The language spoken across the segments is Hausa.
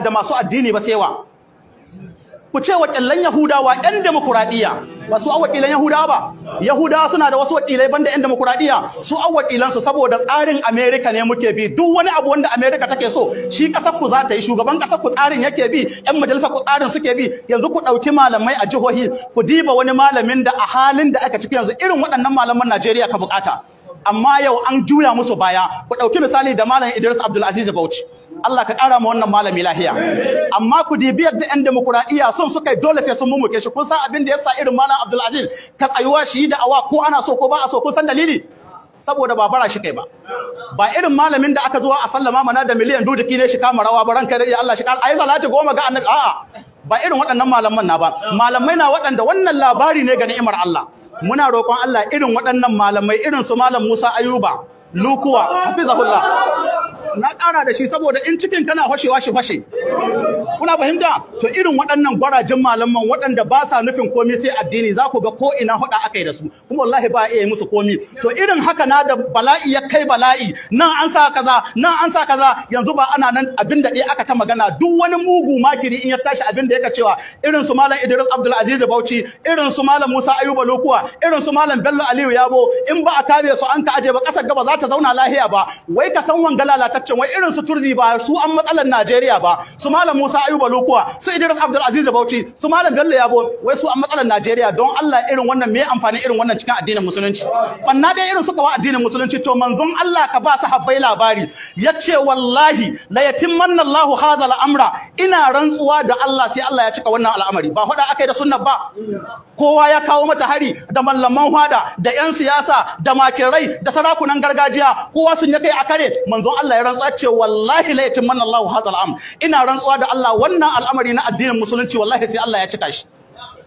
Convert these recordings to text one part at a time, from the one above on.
da masu addini ba sewa ku ce wakilan yahudawa yan demokuraɗiyya ba su awakilan yahudawa ba yahudawa suna da wasu wakilai banda yan demokuraɗiyya su awakilan su saboda tsarin Amerika ne muke bi duk wani abu wanda Amerika take so shi ƙasar ku za ta yi shugaban kasar ku tsarin yake bi yan majalisar ku tsarin suke bi yanzu ku ɗauki malamai a jihohi ku diba wani malamin da a halin da aka ciki yanzu irin waɗannan malaman najeriya ka buƙata. amma yau an juya musu baya ku ɗauki misali da malam idris abdulaziz bauchi Allah ka ƙara ma wannan malami lahiya amma ku dibiyar da yan demokuraɗiyya sun suka yi dole sai sun muke shi kun san abin da yasa irin malam Abdulaziz ka tsayuwa shi da awa ko ana so ko ba a so kun san dalili saboda ba bara shi kai ba ba irin malamin da aka zuwa a sallama mana da miliyan ki ne shi kama rawa ba ranka ya Allah shi kar ayi salati goma ga annabi a'a ba irin waɗannan malaman na ba malamai na waɗanda wannan labari ne ga ni'imar Allah muna roƙon Allah irin waɗannan malamai irin su malam Musa Ayuba lukuwa hafizahullah na ƙara da shi saboda in cikin kana fashewa shi fashe kuna fahimta to irin waɗannan gwarajen malaman waɗanda ba sa nufin komai sai addini za ku ga ko ina huɗa aka yi da su kuma wallahi ba iya musu komai to irin haka na da bala'i ya kai bala'i nan an sa kaza nan an sa kaza yanzu ba ana nan abin da aka ta magana duk wani mugu makiri in ya tashi abin da yake cewa irin su malam Idris Abdul Aziz Bauchi irin su malam Musa Ayuba Lokuwa irin su malam Bello Aliyu Yabo in ba a kare su an ka aje ba kasar gaba za ta zauna lahiya ba wai ka san wanga lalataccen wai irin su turzi ba su an matsalar Najeriya ba su malam Musa sa ayuba lukuwa su idris abdul aziz bauchi su malam bello yabo wai su an matsalar najeriya don allah irin wannan me amfani irin wannan cikin addinin musulunci banna dai irin suka wa addinin musulunci to manzon allah ka ba su habbai labari ya ce wallahi la yatimmanna allahu hadha al'amra ina rantsuwa da allah sai allah ya cika wannan al'amari ba hada akai da sunna ba kowa ya kawo mata hari da mallaman hada da yan siyasa da makirai da sarakunan gargajiya kowa sun ya kai a kare manzon allah ya rantsuwa ce wallahi la yatimmanna allahu hadha al'am ina rantsuwa da allah Allah wannan al'amari na addinin musulunci wallahi sai Allah ya cika shi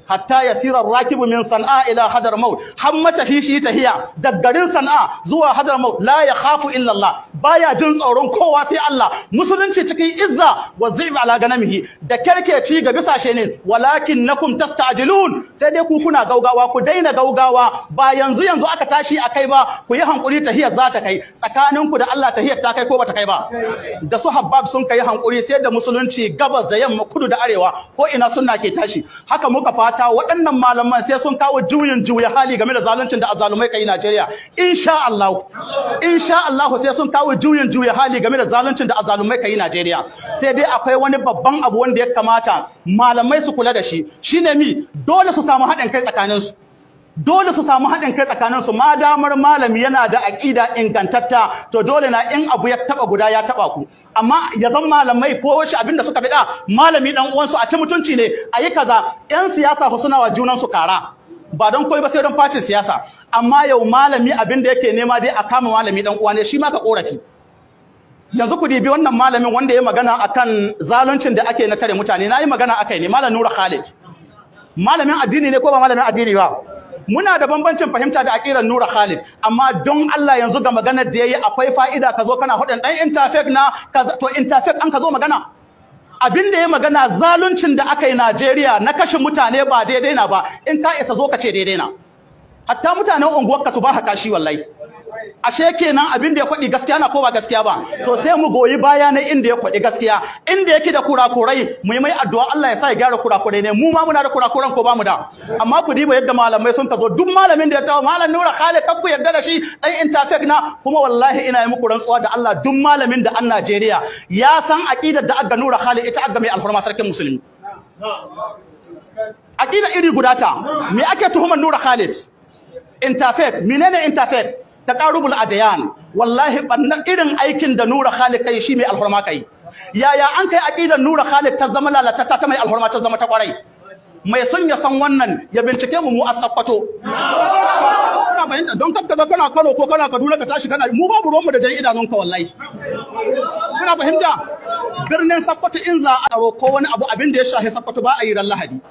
hatta yasira rakibu min san'a ila hadar maut har matafi shi tahiya da garin san'a zuwa hadar maut la ya khafu illa Allah baya jin tsoron kowa sai Allah musulunci cikin izza wa zib ala ganamihi da kerkeci ga bisashe ne walakin nakum tastajilun sai dai ku kuna gaugawa ku daina gaugawa ba yanzu yanzu aka tashi akai ba ku yi hankuri tahiyar za ta kai tsakaninku da Allah tahiyar ta kai ko bata kai ba da su habbab sun kai hankuri sai da musulunci gabas da yamma kudu da arewa ko ina sunna ke tashi haka muka fata fata waɗannan malaman sai sun kawo juyin juya hali game da zaluncin da azalumai kai Najeriya insha Allah insha Allah sai sun kawo juyin juya hali game da zaluncin da azalumai kai Najeriya sai dai akwai wani babban abu wanda ya kamata malamai su kula da shi shine mi dole su samu haɗin kai tsakaninsu dole su samu haɗin kai tsakanin su ma damar malami yana da aƙida ingantatta to dole na in abu ya taba guda ya taba ku amma ya zan malamai ko wasu abin da suka bida malami dan uwansu a ci mutunci ne a yi kaza yan siyasa ku suna wa junan su kara ba don koi ba sai don facin siyasa amma yau malami abin da yake nema dai a kama malami dan uwa ne shi ma ka korafi yanzu ku dibi wannan malamin wanda ya magana akan zaluncin da ake na tare mutane na yi magana akai ne malam Nura Khalid malamin addini ne ko ba malamin addini ba muna da bambancin fahimta da aqidan Nura Khalid amma don Allah yanzu ga maganar da ya yi akwai fa'ida ka zo kana hudin dan interfect na to interfect an ka zo magana abin da ya magana zaluncin da aka yi Najeriya na kashe mutane ba daidai na ba in ka isa zo ka ce daidai na hatta mutanen unguwarka su ba haka shi wallahi ashe kenan abin da ya faɗi gaskiya na ko ba gaskiya ba to sai mu goyi baya na inda ya faɗi gaskiya inda yake da kurakurai mu yi mai addu'a Allah ya sa ya gyara kurakurai ne mu ma muna da kurakuran ko ba mu da amma ku diba yadda malamai sun tazo duk malamin da ya tawo malam Nura Khalid takku yadda da shi dan interfect na kuma wallahi ina yi muku rantsuwa da Allah duk malamin da an Najeriya ya san aqidar da aga Nura Khalid ita aga mai alhurma sarkin musulmi aqida iri guda ta me ake tuhumar Nura Khalid interfect menene interfect taqarubul adyan wallahi bannan irin aikin da nura khaliq kai shi mai alhurma kai yaya an kai aqidar nura khaliq ta zama lalatata ta mai alhurma ta zama ta kwarai mai son ya san wannan ya bincike mu mu asabbato kana bayanta don kanka zo kana Kano ko kana Kaduna ka tashi kana mu babu ruwanmu da jan idanunka wallahi kana fahimta birnin Sokoto in za a ko wani abu abin da ya shahi Sokoto ba a yi ran Lahadi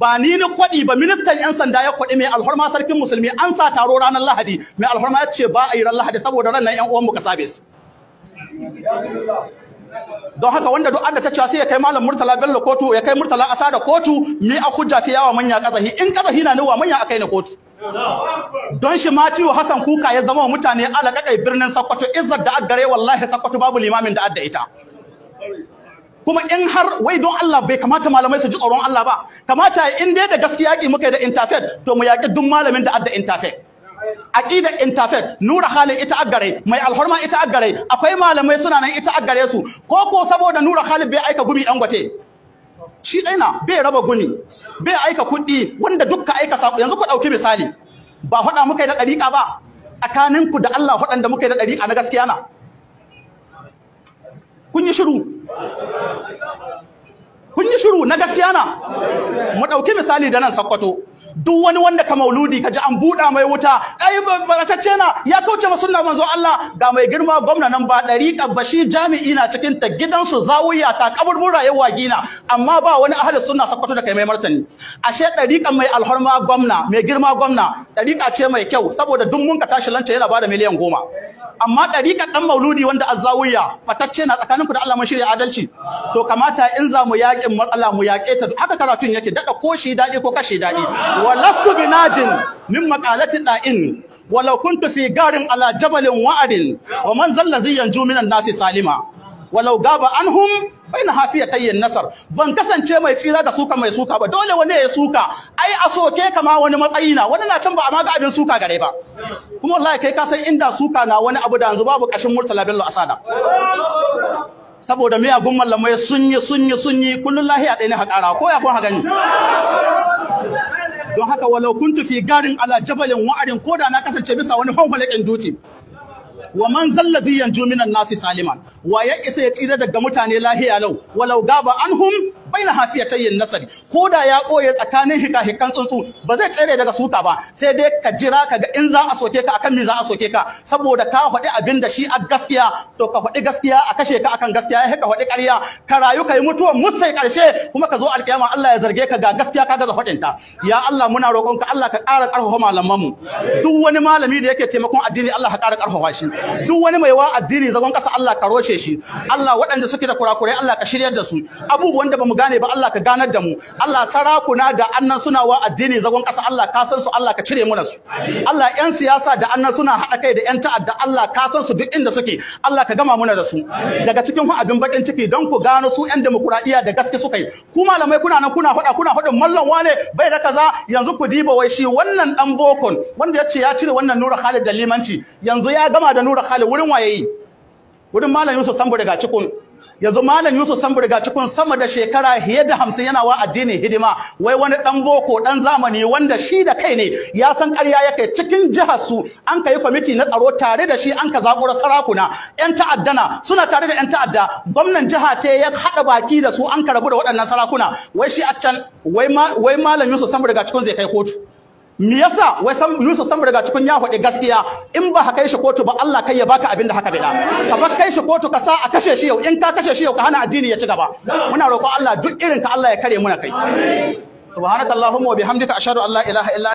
ba ni ni kwaɗi ba ministan 'yan sanda ya kwaɗi mai alhorma sarkin musulmi an sa taro ranar lahadi mai alhorma ya ce ba a yi ran lahadi saboda ran nan 'yan uwanmu ka sabe su don haka wanda duk anda ta cewa sai ya kai malam murtala bello kotu ya kai murtala asa da kotu me a hujja ta yawa manya kazahi in kazahi na ne wa manya akai na kotu don shi ma ciwo hasan kuka ya zama mutane alakakai birnin sakkwato izzar da aggare wallahi sakkwato babu limamin da adda ita kuma in har wai don Allah bai kamata malamai su ji tsoron Allah ba kamata in dai da gaskiya yaki muka da interfaith to mu yaki duk malamin da adda interfaith aqida interfaith nura halin ita aggare mai alhorma ita aggare akwai malamai suna nan ita aggare su ko ko saboda nura hali bai aika gumi dan gwate shi daina bai raba gumi bai aika kuɗi wanda dukka aika sako yanzu ku dauki misali ba faɗa muka da dariƙa ba tsakaninku da Allah faɗan da muka da dariƙa na gaskiya na kun yi shiru kun yi shiru na gaskiya na mu ɗauki misali da nan sakkwato duk wani wanda ka mauludi ka ji an buɗa mai wuta ai baratacce na ya kauce ma sunna manzo Allah ga mai girma gwamna nan ba ɗari bashi jami'i na cikin ta gidansu zawiya ta kaburbun rayuwa gina amma ba wani ahli sunna sakkwato da kai mai martani ashe ɗariƙa mai alhorma gwamna mai girma gwamna ɗariƙa ce mai kyau saboda duk mun ka tashi lanta yana bada miliyan goma amma ɗariƙar ɗan mauludi wanda ya fatacce na tsakaninku da Allah mun shirya adalci to kamata in za mu yaƙin Allah mu yaƙe ta haka karatun yake daɗa ko shi daɗi ko kashi daɗi walastu binajin min maqalatin da'in walau kuntu fi garin ala jabalin wa'adin wa man zalla zai minan nasi salima walau gaba anhum bai na hafiya tayyin nasar ban kasance mai tsira da suka mai suka ba dole wani ya suka ai a soke kama wani matsayi na wani na can ba a maga abin suka gare ba kuma wallahi kai ka san inda suka na wani abu da yanzu babu kashin murtala bello asada saboda miyagun mallamai sun yi sun yi sun yi kullun lahiya ɗaya ne haƙara ko ya kun hagani don haka walau kuntu fi garin ala jabalin wa'arin ko da na kasance bisa wani malakin duti wa man zalla yanju juminan nasi saliman wa ya isa ya tsira daga mutane lahiya lau walau gaba anhum baina hafiyatayyin nasari ko da ya koye tsakanin hikahikan tsuntsu ba zai tsere daga Suta ba sai dai ka jira ka ga in za a soke ka akan me za a soke ka saboda ka faɗi abin da shi a gaskiya to ka faɗi gaskiya a kashe ka akan gaskiya ya ka faɗi ƙarya ka rayu kai mutuwa mutsai ƙarshe kuma ka zo alƙiyama Allah ya zarge ka ga gaskiya ka gaza faɗinta. ya Allah muna roƙon ka Allah ka ƙara ƙarfafa malaman mu duk wani malami da yake taimakon addini Allah ka ƙara ƙarfafa shi duk wani mai wa addini zagon ƙasa Allah ka roce shi Allah waɗanda suke da kurakurai Allah ka shiryar da su abubuwan da mu gane ba Allah ka ganar da mu Allah sarakuna da annan suna wa addini zagon kasa. Allah ka san su Allah ka cire mana su Allah yan siyasa da annan suna haɗa kai da yan ta'adda Allah ka san su duk inda suke Allah ka gama muna da su daga cikin ku abin bakin ciki don ku gano su yan demokuraɗiyya da gaske suka yi ku malamai kuna nan kuna faɗa kuna faɗin mallan wane bai da kaza yanzu ku diba wai shi wannan dan bokon wanda ya ce ya cire wannan nura Khalid da limanci yanzu ya gama da nura Khalid wurin waye yi wurin malam Yusuf Sambo daga cikin yanzu malam Yusuf Samburga cikin sama da shekara hiyar da hamsin yana wa addini hidima wai wani dan boko dan zamani wanda shi da kai ne ya san karya ya kai cikin jiharsu. su an kai kwamiti na tsaro tare da shi an ka zakura sarakuna yan ta'addana suna tare da yan ta'adda gwamnan jiha ta ya haɗa baki da su an rabu da waɗannan sarakuna wai shi a can wai malam Yusuf Samburga cikin zai kai kotu me yasa wai san Yusuf san daga cikin ya faɗi gaskiya in ba haka shi kotu ba Allah kai ya baka abin da haka bida ka ba kai shi kotu ka sa a kashe shi yau in ka kashe shi yau ka hana addini ya ci gaba muna roƙon Allah duk irin ka Allah ya kare muna kai subhanakallahumma wa bihamdika ashhadu an la ilaha illa